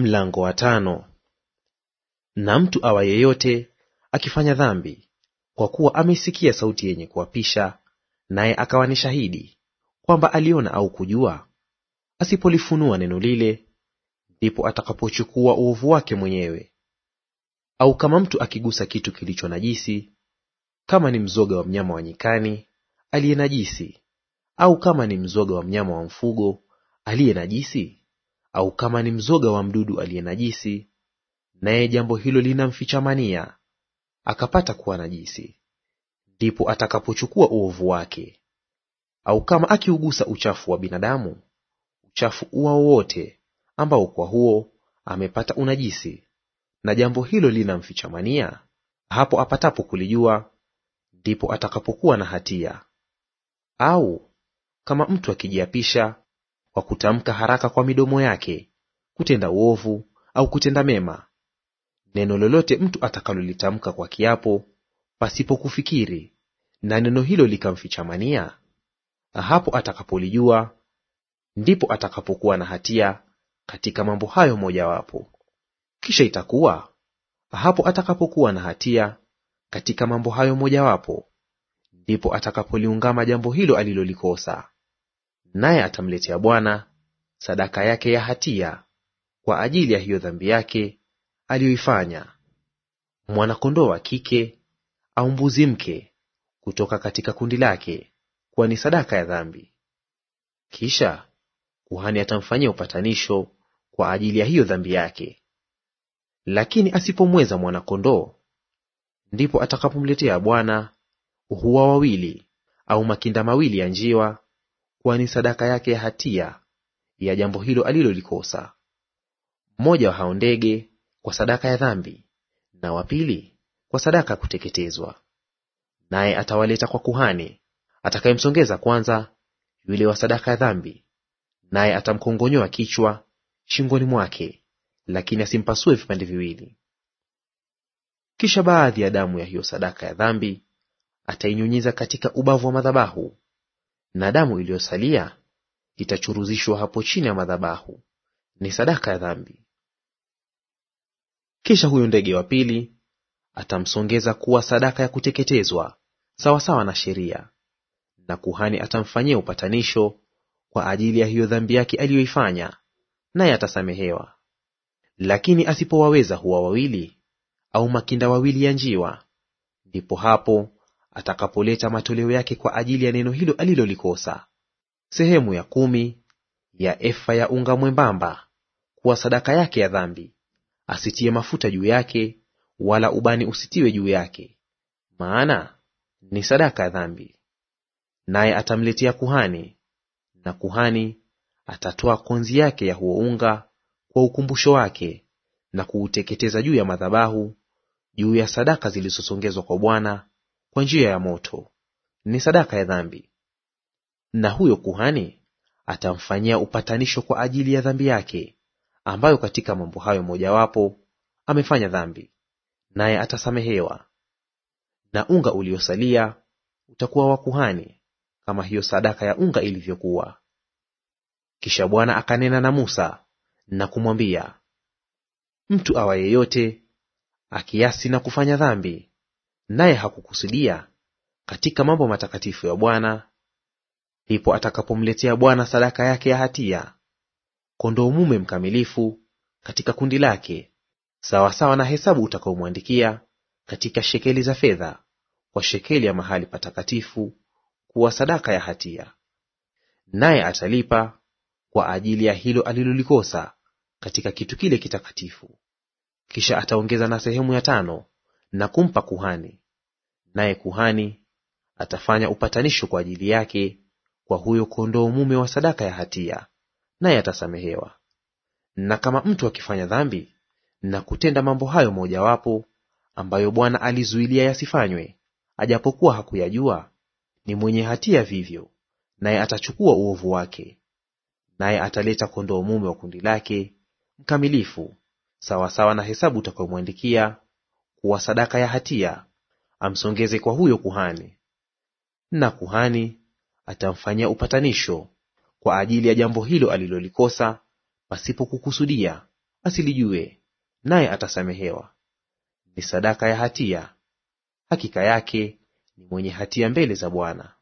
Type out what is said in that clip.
Mlango wa tano. Na mtu awa yeyote akifanya dhambi, kwa kuwa ameisikia sauti yenye kuapisha, naye akawa ni shahidi kwamba aliona au kujua, asipolifunua neno lile, ndipo atakapochukua uovu wake mwenyewe. Au kama mtu akigusa kitu kilicho najisi, kama ni mzoga wa mnyama wa nyikani aliye najisi, au kama ni mzoga wa mnyama wa mfugo aliye najisi au kama ni mzoga wa mdudu aliye najisi, naye jambo hilo linamfichamania akapata kuwa najisi, ndipo atakapochukua uovu wake. Au kama akiugusa uchafu wa binadamu, uchafu uwao wote ambao kwa huo amepata unajisi, na jambo hilo linamfichamania, hapo apatapo kulijua, ndipo atakapokuwa na hatia. Au kama mtu akijiapisha kwa kutamka haraka kwa midomo yake kutenda uovu au kutenda mema, neno lolote mtu atakalolitamka kwa kiapo pasipo kufikiri, na neno hilo likamficha mania, hapo atakapolijua ndipo atakapokuwa na hatia katika mambo hayo mojawapo. Kisha itakuwa hapo atakapokuwa na hatia katika mambo hayo mojawapo, ndipo atakapoliungama jambo hilo alilolikosa naye atamletea Bwana sadaka yake ya hatia kwa ajili ya hiyo dhambi yake aliyoifanya, mwana-kondoo wa kike au mbuzi mke kutoka katika kundi lake, kuwa ni sadaka ya dhambi. Kisha kuhani atamfanyia upatanisho kwa ajili ya hiyo dhambi yake. Lakini asipomweza mwana-kondoo, ndipo atakapomletea Bwana huwa wawili au makinda mawili ya njiwa kuwa ni sadaka yake ya hatia ya jambo hilo alilolikosa. Mmoja wa hao ndege kwa sadaka ya dhambi, na wa pili kwa sadaka ya kuteketezwa. Naye atawaleta kwa kuhani atakayemsongeza kwanza yule wa sadaka ya dhambi, naye atamkongonyoa kichwa shingoni mwake, lakini asimpasue vipande viwili. Kisha baadhi ya damu ya hiyo sadaka ya dhambi atainyunyiza katika ubavu wa madhabahu na damu iliyosalia itachuruzishwa hapo chini ya madhabahu; ni sadaka ya dhambi. Kisha huyu ndege wa pili atamsongeza kuwa sadaka ya kuteketezwa sawasawa na sheria, na kuhani atamfanyia upatanisho kwa ajili ya hiyo dhambi yake aliyoifanya, naye atasamehewa. Lakini asipowaweza huwa wawili au makinda wawili ya njiwa, ndipo hapo atakapoleta matoleo yake kwa ajili ya neno hilo alilolikosa, sehemu ya kumi ya efa ya unga mwembamba kuwa sadaka yake ya dhambi. Asitie mafuta juu yake, wala ubani usitiwe juu yake, maana ni sadaka ya dhambi. Naye atamletea kuhani, na kuhani atatoa konzi yake ya huo unga kwa ukumbusho wake, na kuuteketeza juu ya madhabahu, juu ya sadaka zilizosongezwa kwa Bwana kwa njia ya moto; ni sadaka ya dhambi. Na huyo kuhani atamfanyia upatanisho kwa ajili ya dhambi yake, ambayo katika mambo hayo mojawapo amefanya dhambi, naye atasamehewa. Na unga uliosalia utakuwa wa kuhani, kama hiyo sadaka ya unga ilivyokuwa. Kisha Bwana akanena na Musa na kumwambia, mtu awa yeyote akiasi na kufanya dhambi naye hakukusudia katika mambo matakatifu ya Bwana, ndipo atakapomletea Bwana sadaka yake ya hatia, kondoo mume mkamilifu katika kundi lake, sawasawa na hesabu utakaomwandikia katika shekeli za fedha, kwa shekeli ya mahali patakatifu kuwa sadaka ya hatia. Naye atalipa kwa ajili ya hilo alilolikosa katika kitu kile kitakatifu. Kisha ataongeza na sehemu ya tano na kumpa kuhani naye kuhani atafanya upatanisho kwa ajili yake kwa huyo kondoo mume wa sadaka ya hatia, naye atasamehewa. Na kama mtu akifanya dhambi na kutenda mambo hayo mojawapo ambayo Bwana alizuilia yasifanywe, ajapokuwa hakuyajua, ni mwenye hatia vivyo, naye atachukua uovu wake. Naye ataleta kondoo mume wa kundi lake mkamilifu, sawasawa na hesabu utakayomwandikia, kuwa sadaka ya hatia amsongeze kwa huyo kuhani, na kuhani atamfanyia upatanisho kwa ajili ya jambo hilo alilolikosa pasipo kukusudia, asilijue, naye atasamehewa. Ni sadaka ya hatia; hakika yake ni mwenye hatia mbele za Bwana.